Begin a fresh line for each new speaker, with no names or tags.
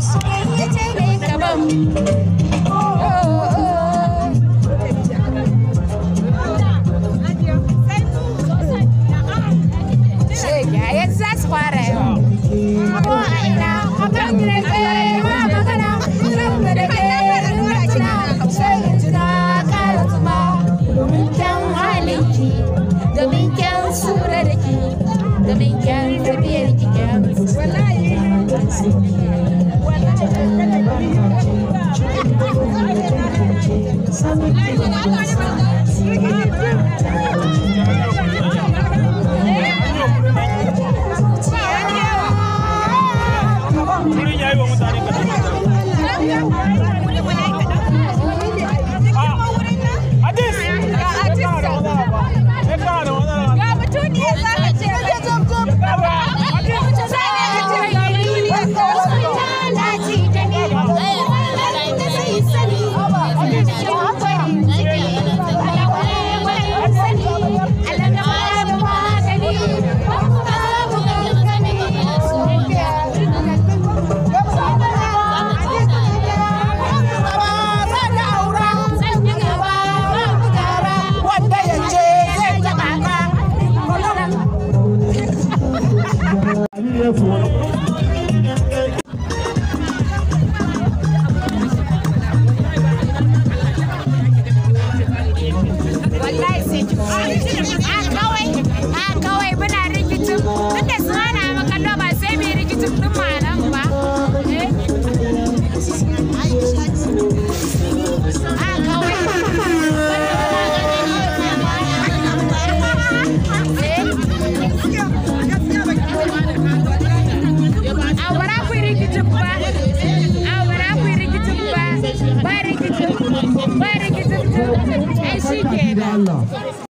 su ne ta ne gaban I message. Allah.